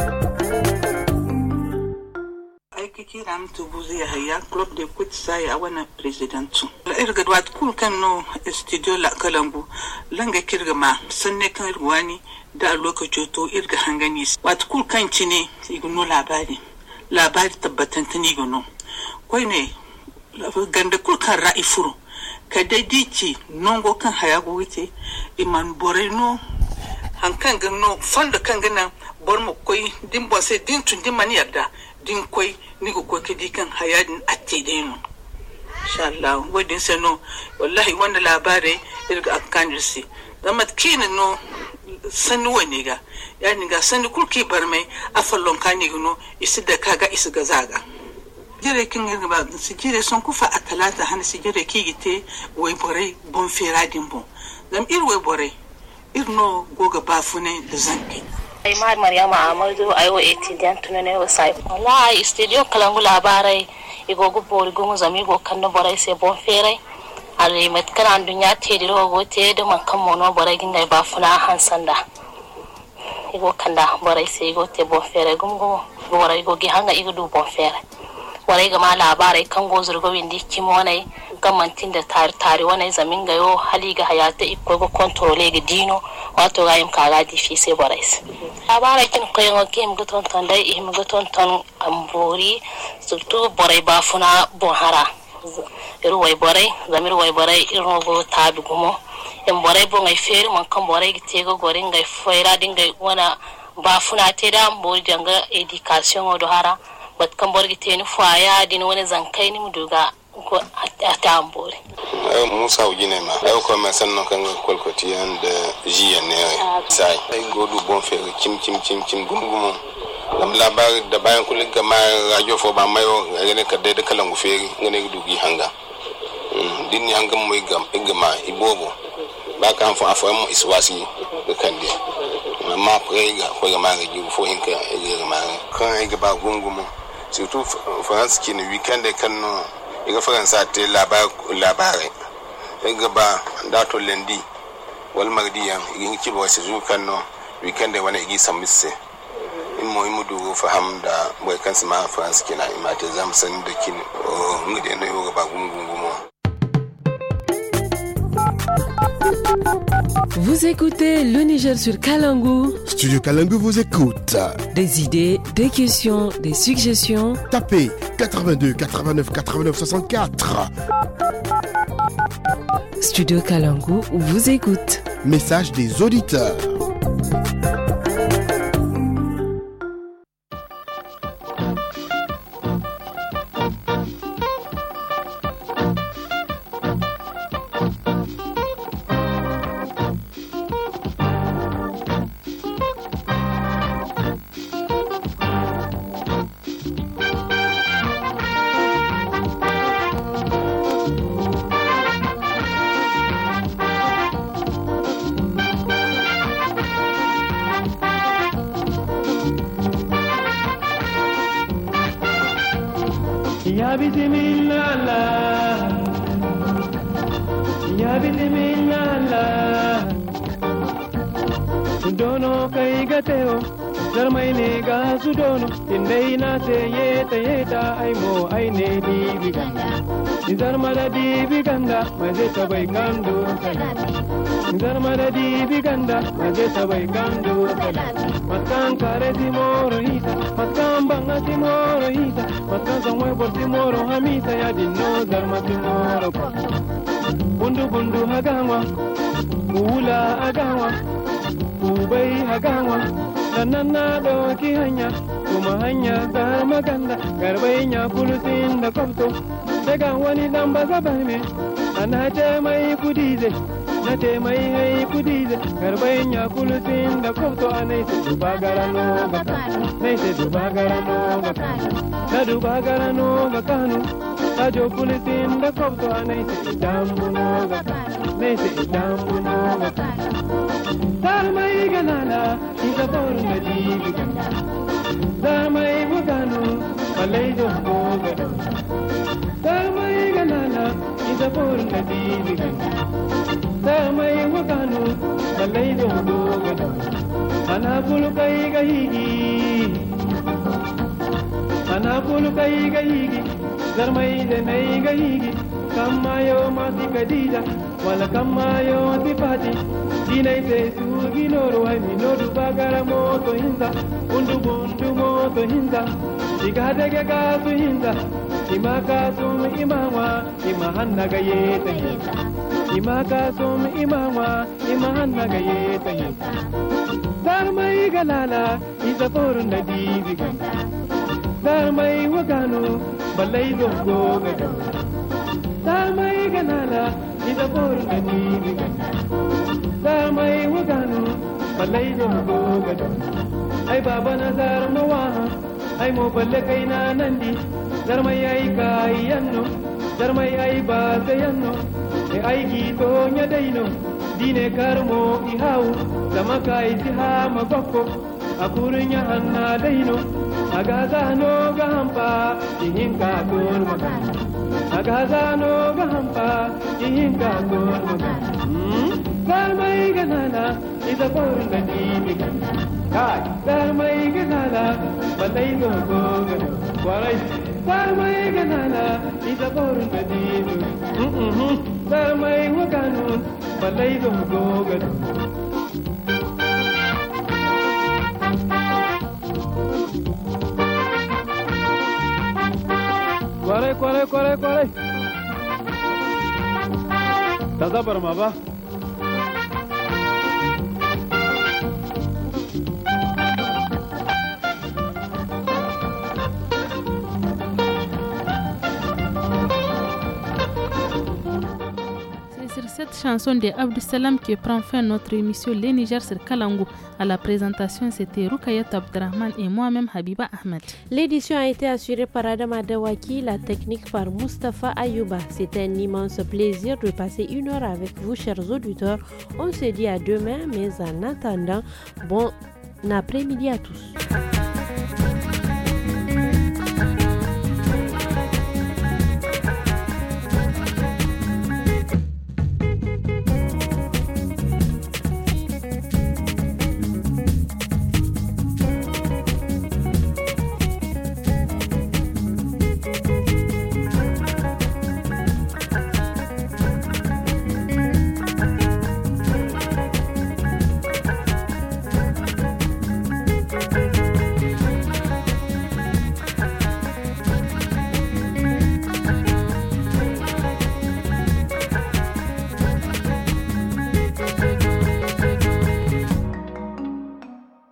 kira mtu ya haya club de kut sai a wana presidentu irga wat kul kan no studio la kalambu langa kirga ma sanne kan irga da lokaci to irga hangani wat kul kan cine igno labari labari tabbatan tani igno koi ne ganda kul kan ra'i furu ka dai dici nongo kan hayago wite iman boreno hankan gano fanda kan gana bor mu koi din bose din tun din mani yarda din kwai ni ko kwai kidi kan hayadin atte dai mun insha Allah wadin sano wallahi wanda labarai daga akanjirsi zama kini no sanu wani ga yani ga sanu kulki bar mai afallon ka ni no isi da kaga isi ga zaga jire kin ba su jire sun kufa a talata hana su jire ki gite wai bore bon fira din bon dan ir wai bore ir no goga bafune da zanki Imar Maryama Amadu IOAT dan tunane wasai. Wallahi studio kalangu labarai igogo bori gomo zami go kanno borai sai bon ferai. Ali met an dunya te diro go te da man kan mono borai ginga ba funa hansanda. Igo kanda borai se igo te bon ferai gum go borai go gi hanga igo du bon ferai. Warai ga ma labarai kan go zurgo windi kimonai. da tare ga yau hali ga hayata ga kontrole ga dino wato ga yim kaga di fi se borais bara kin qayngo kim goton ton da ihim goton ton ambori surtu borai ba funa bohara hara iru wai borai zamir wai borai irin go bi gumo in borai bo ngai feri man kan borai gite ga gorin ngai din ga wana ba funa te da ambori janga education odohara hara bat kan borgi te ni faya din wani zankai ni mu duga. ko a tambori. Eh, musa wuji ne ma ai ko mai sannan kan ga kolkoti and jiya ne eh, ah, ya sai Ai godu bon fe kim kim kim kim gum gum lam labar da bayan kulin ga ma rajo fo ba mayo ga ngene kadde da kalan ga ne dugi hanga mm, din ni hanga mo igam igama ibobo ba kan fo afo mu iswasi ga kande ma prega ko ga ma ga ju fo hinka ga ma kan ai ga ba gungumo surtout france ki ne weekend kan no daga faransa ta labarai daga ba dato lendi wal mardiyan igin kiba wasu zukan no weekend wani igi samise in mo imu dugu faham da boy kansu ma faransa kina imata zamsan da kin oh, ngudin da yau gaba gungungumo Vous écoutez le Niger sur Kalangu. Studio Kalangu vous écoute. Des idées des questions, des suggestions, tapez 82 89 89 64. Studio Kalangu vous écoute. Message des auditeurs. Nana na ɗauki hanya kuma hanya ta makanda garbai ya kulsin da kwamto daga wani dan ba zaba me ana ce mai kudi zai na te mai hai kudi zai garbai ya kulsin da kwamto a nai sai duba gara no ga kanu nai sai duba gara no ga kanu na duba gara no ga kanu na jo kulsin da kwamto a nai sai damu no ga kanu nai sai damu no ga kanu ಧರ್ಮೈಗನಾನ ಈಗ ಪೌರ್ಣದೀವಿಗ ಧರ್ಮೈವುಗನು ಮಲೈದು ಹೋಗ ಧರ್ಮೈಗನಾನ ಈಗ ಪೌರ್ಣದೀವಿಗ ಧರ್ಮೈವುಗನು ಮಲೈದು ಹೋಗ ಮನ ಪುಳು కమ్మాయో మాసి కదీజ వాళ్ళ కమ్మాయో మాసి పాచి దీనైతే సూగినోరు అమ్మినోరు బగర మోతో హింద ఉండు బొండు మోతో హింద సిగాదగ కాసు హింద ఇమా కాసుం ఇమావా ఇమహన్నగయేత హింద ఇమా కాసుం ఇమావా ఇమహన్నగయేత హింద ధర్మై గలాల ఇద పోరున్న దీవిగ ధర్మై వగాను బల్లై దొంగోగ damai ganala ida boru gatini damai wagano balai do gogado ai baba na zarmawa ai mo balle kai na nandi zarmai ai kai yanno zarmai ba ga yanno e ai gito nya daino dine karmo ihau zama kai ti ha magokko akurin ya hanna daino aga zano ga hampa ihin ka ton magana agagano gahampa ihinga gormaga darmai hmm? ganana ida porna dimiga kai darmai ganana balai no goga warai darmai ganana ida porna dimiga darmai hmm, hmm, wagano balai no goga corre, corre, corre, corre. Tata Paramaba. chanson de Abdou Salam qui prend fin à notre émission Les Niger sur Kalangou. À la présentation, c'était Rukayat Abdrahman et moi-même Habiba Ahmed. L'édition a été assurée par Adam Adewaki la technique par Mustafa Ayouba. C'est un immense plaisir de passer une heure avec vous, chers auditeurs. On se dit à demain, mais en attendant, bon après-midi à tous.